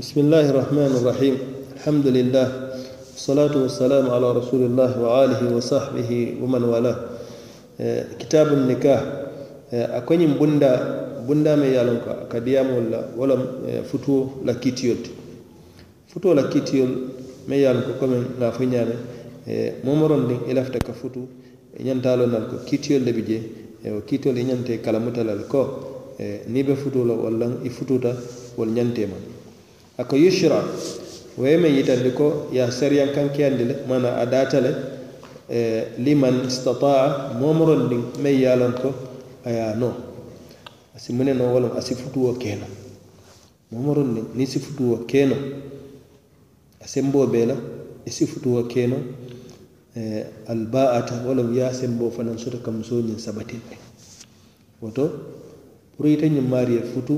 بسم الله الرحمن الرحيم الحمد لله الصلاة والسلام على رسول الله وعاله وصحبه ومن والاه كتاب النكاح أكونيم بندا بندا من يالونكا كديام ولا ولا فتو لكيتيول فتو لكيتيول من يالونكا كمن لا فينيام ممرون دين إلا فتك فتو ينتالو نالكو كيتيول لبجي وكيتيول ينتي كلامتالالكو E ni be futula walla i fututa wol ñantema ako yushra woye men yitandi ko ya sariyan kankeyandi le mana a datale e, liman istataa momorondi may yalon ko aya no asi muneno wolon asi futuwo keno momorondi ni si futuwo keno asembo be la isi futuwo keno e, albaata wolon ya sembo fanan sota kam soñin sabatinde woto ruyita ñim maariye futu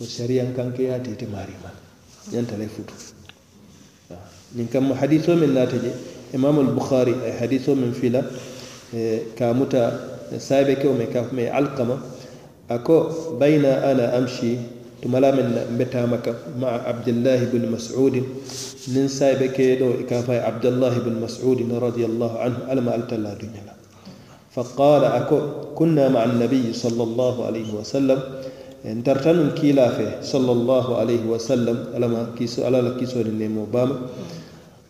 o sariyan kanke yaati ite maari man ñanta lay e futu ñin kam mo hadiso men naate je imam albouhari ay hadiso men fila e kamuta saabe kew me ka me alkama a ko bayna ana amshi tumala men mbetamaka maa abdillahi bnu masudin nin saabe ke ɗo e kafa e abdillahi bnu masudin radiallahu anhu alama altalla duñala faqala ako kunna maa annabiyi sall llahu alayhi wa sallam en tartanum kiilaafe sall llahu alayhi wa sallam alama kiso alala kisoni nemo bama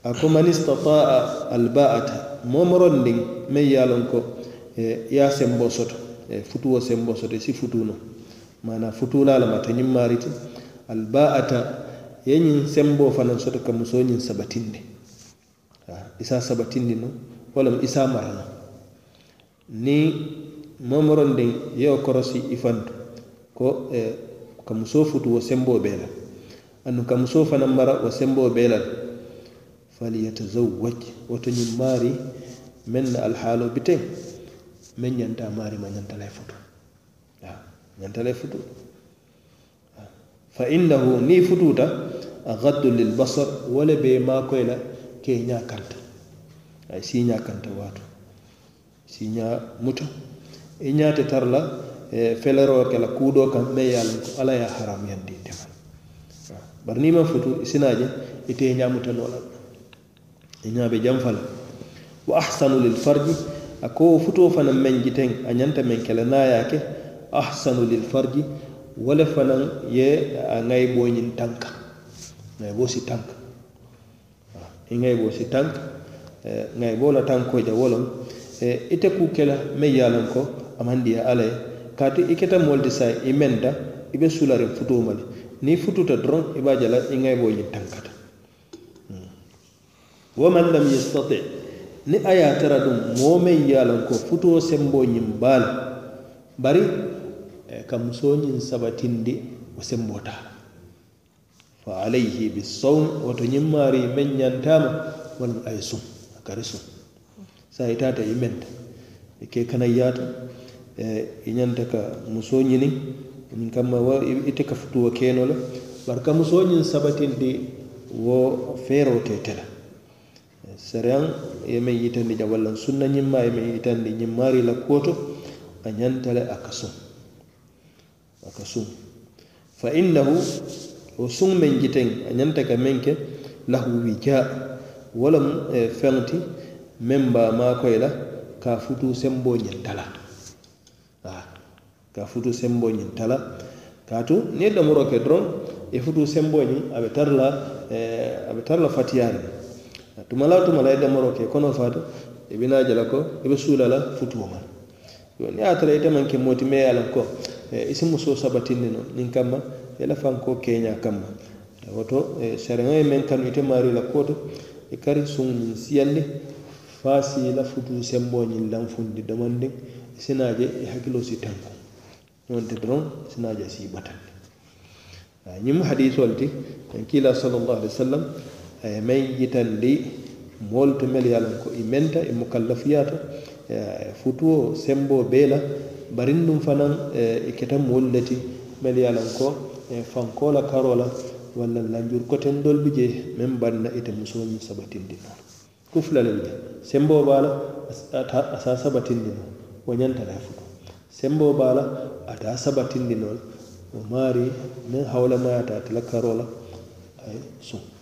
ako man istataa albaata momoron ndin man yaalon ko e ya sembo soto e futuwo sembo soto si futuno mana futunalama to ñimmariti albaata yeñin sembo fanan soto ka musoñin sabatinde isa sabatindi no walam isa marano ni momoron den yeo korosi ifantu ko eh, kamuso futu wo sembo bela anu kamuso fana mara wo sembo belal falyatazawaj woto ñin maari men na alhaalo biten men ñanta maari ma ñantalay e futu ñantalay e futu fa innahu ni fututa a gaddu lilbasar wala be maakoy la ke ñakanta ay si ñakanta waato si ñaa mucco i e ñaate tar la e feleroo ke la kuudoo kaŋ me ye a loŋ ko alla ye a haramuyandi tema bari niŋ i maŋ futu i e si naa je ite i ñaa mutta noo la i ñaa be janfa la wa ahsanu lil farji a ko futuo fanaŋ meŋ jiteŋ a ñanta meŋ ke le naayaa ke ahsanu lil farji wo le fanaŋ ye a ŋayi boo ñiŋ tanka ŋayi boo si tanka i ŋayi boo si tanka ŋayi boo la tankoo je wo loŋ E ite ku kela meŋ ye a loŋ ko a maŋ diya e alla ye kaatu i keta moolu ti saa i meŋ da i be sulariŋ futuo ma le niŋ i fututa doroŋ i be a je la i ŋa i boo ñiŋ tankata hmm. wa man lam yestati ni a ye a tara duŋ moo meŋ ye a loŋ ko futuo semboo ñiŋ baa le bari e ka musoo ñiŋ sabatindi wo semboo taa la fa alayhi bisawm woto ñiŋ maari meŋ ñantaama walla a ye suŋ a kari suŋ Sai ta ta benta eh, i ke kana yaata inyan ta ka musonyi ne in kama wa ita ka futuwo keno la. Barka ka sabatin ñiŋ sabatindi wo feeroo te ya la yi ye meŋ yitandi ja yin ma ya ma yi yitandi ñiŋ maari la kuwo to a ñanta le a ka a kaso fa innahu o sun meŋ jiteŋ a ta ka menke ke lahu wijaa wo eh, meŋ ba maakoyi la ka futu senboo ñiŋ tala ka e futu senboo ñiŋ tala kaatu niŋ lomuro ke doroŋ i futu senboo ñiŋ a be tara la e, a be tara la fatiyaari tuma la tuma la i lomuro ke kono faata e i bi naa je la ko i be suula la futuo ma yo niŋ ye a tara ite maŋ ke mooti mee ye a loŋ ko i si musoo sabatinne no niŋ kamma i la fankoo keeñaa kamma woto sereŋo ye meŋ kanu ite maari la kuo to i kari suŋ ñiŋ siyandi faasi la futu semboñin lanfundi domandin sinaje e hakkilo si tanko nonte doron sinaje si batani ah, ñim hadisol ti en kila salallahu alih wa sallam e may yitandi mool to mel yalan ko i e menta e mukallaf yaata e futuo sembo beela barin ɗum fanan e, e ketan mollati mel yalan ko e fankola karola walla lanjur koten dolɓi je min banna ite musoñi sabatindi noon kufulalende sembo bala a sa sabatindino wo ñantale futu sembo bala a da sabatindinol o maari nin hawlamayata tala karola ay sun so.